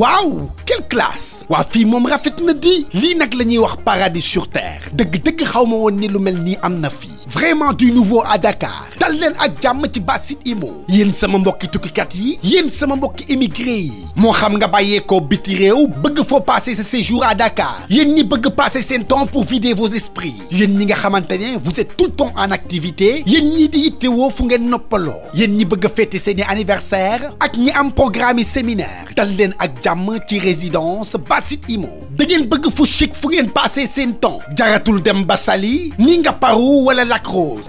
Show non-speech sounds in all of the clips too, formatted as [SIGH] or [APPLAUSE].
Wow, quelle classe Wa fi mom rafet na di li nak lañuy wax paradis sur terre deug deug xaw won ni lu mel ni amna fi vraiment du nouveau à Dakar Talen ak jam ci bas imo yéen sama mbokki tukkikat yi yeen sama mbokki émigré yi moo xam nga ko, biti réew bëgg fo passer ce séjour à Dakar Yeen ni bëgg passer sen temps pour vider vos esprits Yeen ni nga xamante vous êtes tout le temps en activité yeen ni di wo fu ngeen noppalo. Yeen ni bëgg a fêter seeni anniversaire ak ñi am programme séminaire Talen ak jam ci résidence Basit Imo da ngeen bëgg fu chic fu ngeen passer sen temps jaratul dem ba sali, ni nga paru wala Rose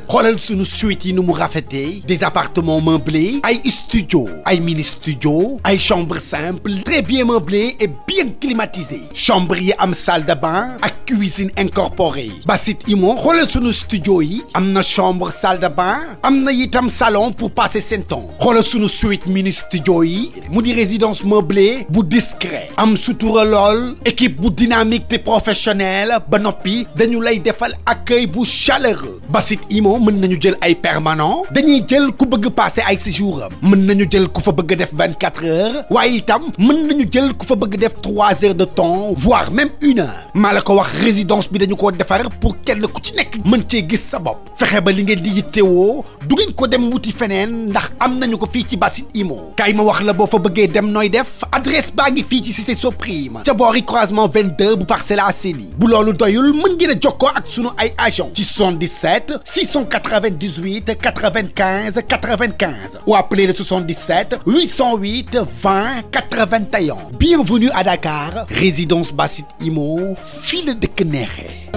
suite yi nu des appartements meublés ay studio ay mini studio ay chambres simples, très bien meublé et bien climatisé chambre et salle de bain ak cuisine incorporée Basit Imo xoolal suñu studio yi chambre salle de bain amna itam salon pour passer son temps xoolal suñu suite mini studio yi mu di résidence meublée bu discret am sutura lol, équipe bu dynamique et professionnelle ba un dañu lay défal accueil bu chaleureux site IMO, moom mën nañu jël ay permanent dañuy jël ku bëgg passer ay séjour am mën nañu jël ku fa bëgg def 24 quatre heures waaye itam mën nañu jël ku fa bëgg def 3 heures de temps voire même 1 heure maa la ko wax résidence bi dañu koo defar pour kenn ku ci nekk mën cee gis sa bopp fexe ba li ngeen di yittewoo du ngeen ko dem wuti feneen ndax am nañu ko fii ci Basit Imo kaay ma wax la boo fa bëggee dem nooy def adresse baa ngi fii ci cité Soprime ca boori croisement 22 bu Parcelles Assainies bu loolu doyul mën ngeen a jokkoo ak sunu ay agent ci 77 698 95 95 ou appelez le 77 808 20 81. Bienvenue à Dakar, résidence Bassit Imo, file de Kneré.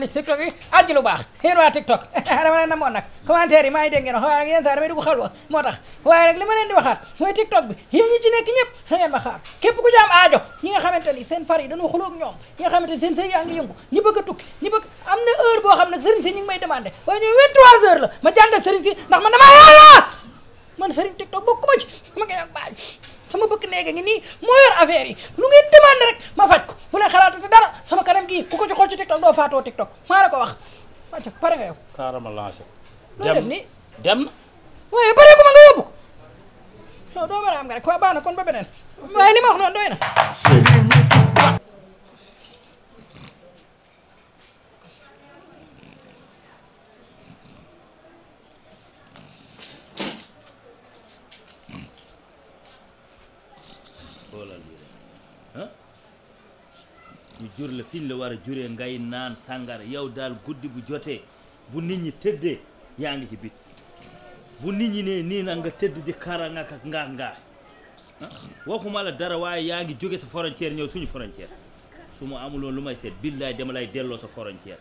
li tiktok bi aj lu baax yéen waa tiktok [LAUGHS] dama leen ma leen di waxaat mooy tiktok bi yéen ñi ci nekk na ngeen ma xaar képp ku ci am aajo ñi nga xamante ni seen far yi dañoo xuloo ak ñoom ñi nga xamante ni seen sëy yaa ngi yëngu a tukki na heure xam nag sëriñ si heures la ma jàngal sëriñ si ndax man damaa yàlla man sëriñ tiktok bokkuma ci ma ngi ak baaj sama bëkk néeg nii moo yor affaire yi lu ngeen demandé rek ma faj xalaatati dara sama kanam gii ku ko ci xool ci tiktok doo faatoo tiktok maa la ko wax pare nga yow. carrément lancé. loo dem nii dem waaye pare ko ma nga yóbbu ko doo am nga rek waaw baax na kon ba beneen waaye li ma wax noonu doy na. jur la fi la war a juree ngay naan sàngara yow daal guddi bu jotee bu nit ñi tëddee yaa ngi ci bit bu nit ñi ne nii nag nga tëdd di kara nga ak ngaa ngaa waxuma la dara waaye yaa ngi jóge sa frontière ñëw suñu frontière su ma amuloon lu may seet billaay dama lay delloo sa frontière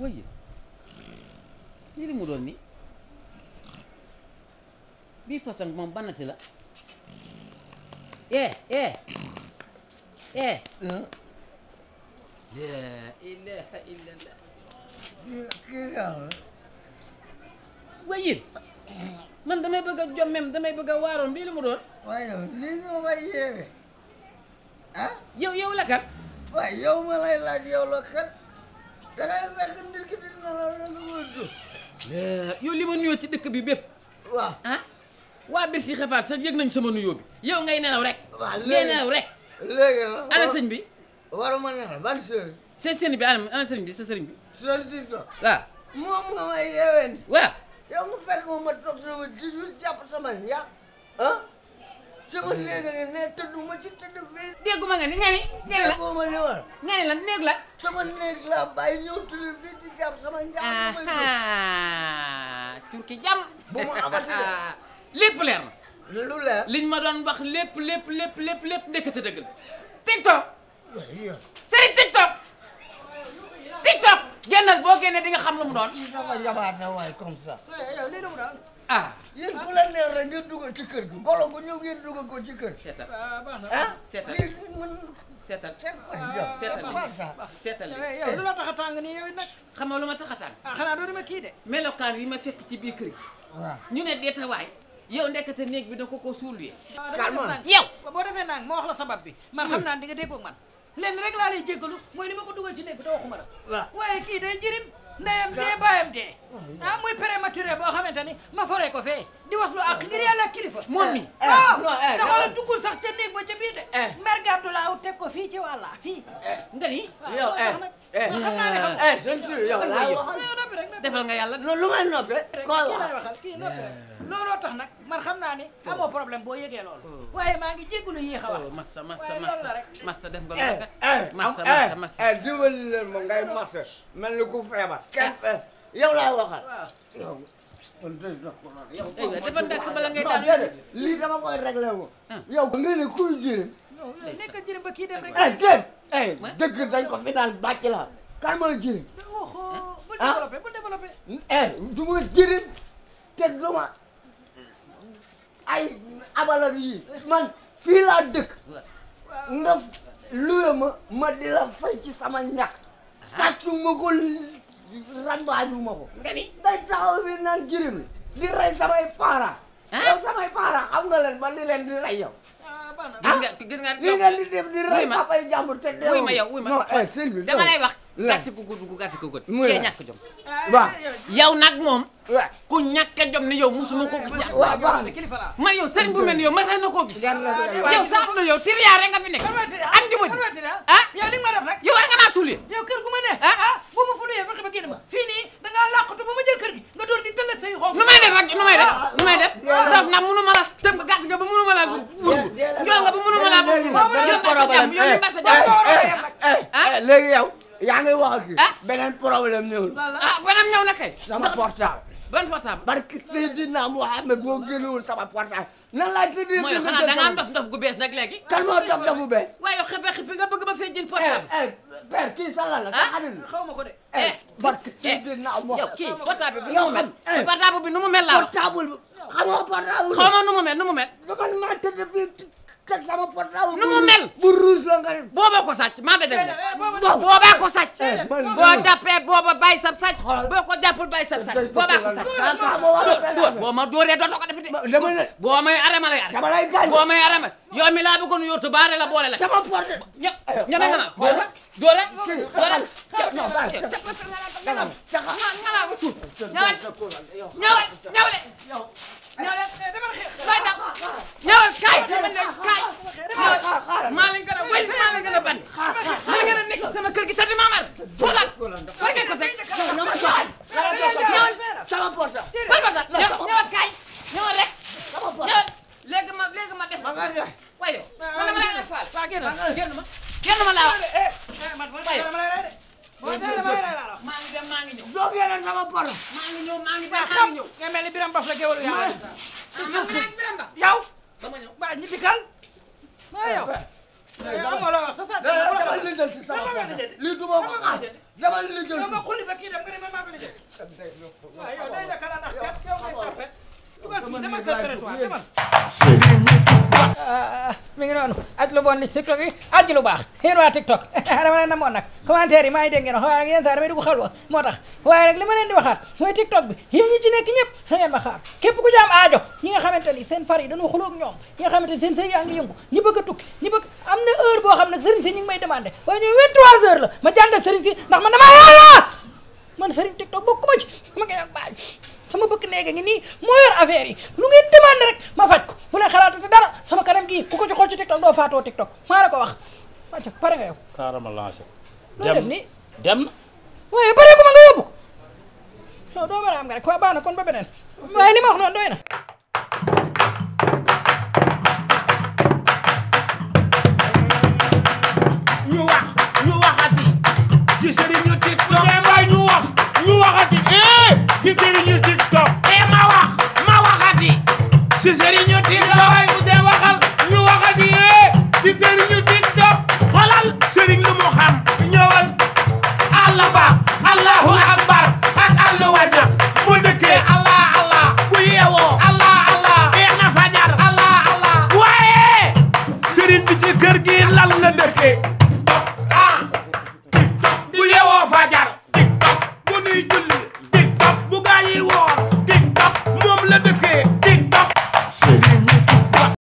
way lii li mu doon nii bii façon moom banati la eh eh eh laa ya, ilaaha illallah kii yàlla wayin man damay bëgg a jommem damay bëgg a waaroon bii li mu doon waaye yow lii ñoo may yeewe ah yow yow la kan waaye yow ma lay laaj yow la kan da ngay fekk nit ki dina la wóor. Eh, yow li ma nuyoo ci dëkk bi bépp. waaw ah. waa biir fii xafaat sax yëg nañ sama nuyoo bi. yow ngay nelaw rek. waaw léegi nelaw rek. ana sëñ bi. waruma nelaw ban sëriñ. seen bi ana ana bi sa sëriñ bi. sëriñ bi waaw. moom nga may yeewee nii. waaw. yow mu fekk ma ma toog sama di jàpp sama njàpp ah. sama néeg a ngi ci tëdd fii. dégguma nga ni nga ni. néeg la la sama néeg laa bàyyi ñëw tëdd fii ci sama. njàmm mooy ki jàmm. bu leer na. liñ ma doon wax lépp lépp lépp lépp lépp ndekete dëgg la. tiktok. waaw Serigne tiktok. tiktok. génnal boo génnee di nga xam lu mu doon. ah yéen ku leen neex rek ngeen dugal ci kër gi golo gu ñëw ngeen dugal ko ci kër. seetal ah, ah? lii mën. seetal seetal ah, eh, yow lu la tax a tàng nii yow it nag. xam nga lu ma tax a tàng. ah xanaa doo ma kii de. melokaan yi ma fekk ci biir kër gi. waaw ñu ne deetawaay yow ndekete néeg bi da ko koo suul yee. Ah, calme yow. boo defee nang ma wax la sabab bi ma xam naa di nga déggoo man leen rek laa lay jéggalu mooy ni ma ko dugal ji néeg bi te waxuma la. waaye kii day jirim ndeyam dee baayam dee ah muy prématuré boo xamante ni ma foree ko fee di wax lu ak ngir ah, yàlla kilifa ah, moom mi waaw dama la duggul sax te de eh. mer gàddu laa teg ko fii ci wàlla fii eh, nga ni xam naa ne xam naa ne seen yow laa yow defal nga yàlla non lu may noppee. koo wax kii noppee looloo tax nag man xam naa ne amoo problème boo yëgee loolu. waaye maa ngi jégalu yéex a wax. massa massa massa def nga lu rafet. massa massa massa dimbali leen ma ngay massa mel ni ku feebar. kenn yow laa waxal. yow dafa ndàkk bala ngay daal lii dama koy réglé wu. yow nga ne kuy jëriñ. nekk jëriñ ba kii dem rek. eh dëgg dañ ko fi daan bàcc la kan ah. eh, ma jirim ah eh jirim te du ay abalak yi man fii dëkk nga luye ma ma di ci sama ñàkk ah. sàccu ma ko rambaaju ko nga ni day taxaw bi jirim di rey samay para ah. yow samay para xam nga leen ba li di rey gis nga gis nga li nga li def di rey papa yi jàmbur te deewul ma yow wuy ma eh, dama lay wax gàtt ko gudd gu gàtt ko gudd kee ñàkk jom waaw ah, nag moom ku ñàkk a jom ni yow musuma koo gis ca waaw man yow bu mel ni yow mas na koo gis ah, yow saxlu yow tiriyaare nga ah, ma def rek yow war nga naa suulee yow kër gu ma ne ah bu ma fuluyee fexe ba génn ma fii nii dangaa làqatu ba ma jël kër gi nga door di tëllëg say xonk nu may def ak nu may def nu may def yow eh, eh, eh, léegi yow yaa ngi wax ak beneen problème ñëwul ah beneen ñëw na kay sama portable ban portable barke Seydina Mouhamed boo génnewul sama portable nan laa si di mooy xanaa da ngaa ndof ndof gu bees nag léegi kan moo dof dofu bees waaye yow xefe xippi nga bëgg ma fee jël portable père kii sala la sa ah? xarit la xaw ma ko de barke Seydina nu mu nu mu laa portable nu maa tëdd fii teg sama portable. nu mu mel bu ruus la nga def. booba ko sàcc maa nga dem. booba ko sàcc. boo jàppee booba bàyyi sa sàcc. boo ko jàppul bàyyi sa sàcc booba ko sàcc. boo ma dóoree dootoo ko def de. boo may arama la yàlla. dama lay gaañ boo may arama yow mi laa bëggoon yóotu baare la boole la. sama porte. ña ñeme nga ma dóore dóore. ñawal ñawal ñawal. sama kër gi tati mamal xoolal war ngeen ko teg mbaf la géwél yaa yow dama ñëw waa ñibbi kal ma yow dama la wax sa sa dama li jël ci sama li duma ko am dama li jël dama xuli ba kii dem nga dem ma ko li jël waaw yow day da kala nak kat yow ngay tapé dugal fi dama sa territoire dama Ah, ah, ah, mi ngi noonu aj lu bon li ci na bi aj [LAUGHS] nag commentaire yi maa ngi dégg ngeen wax waaye nag yéen saa damay dugg xalwa moo tax waaye nag li ma di waxaat mooy tiktok bi yéen ñi ci nekk ñëpp da ma xaar képp ku ci am aajo ñi nga xamante ni seen far yi dañoo ñoom ñi nga xamante ni seen sëy yaa ngi yëngu ñi bëgg a tukki ñi bëgg am na heure boo xam nag sëriñ si ñu ngi may demandé waaye ñoom 23 heures la ma jàngal sëriñ si ndax man damaa yàlla man sëriñ tiktok bokkuma ma ngi ak baaj sama bëgg neega yi lu ngeen demandé rek ma kii ku ko ci xool ci TikTok doo faatoo TikTok maa la ko wax wàcc pare nga yow. carrément lancé. dem dem nii dem waaye pareegu nga yóbbu ko non a am nga rek waaw baax kon ba beneen waaye li ma wax noonu doy na.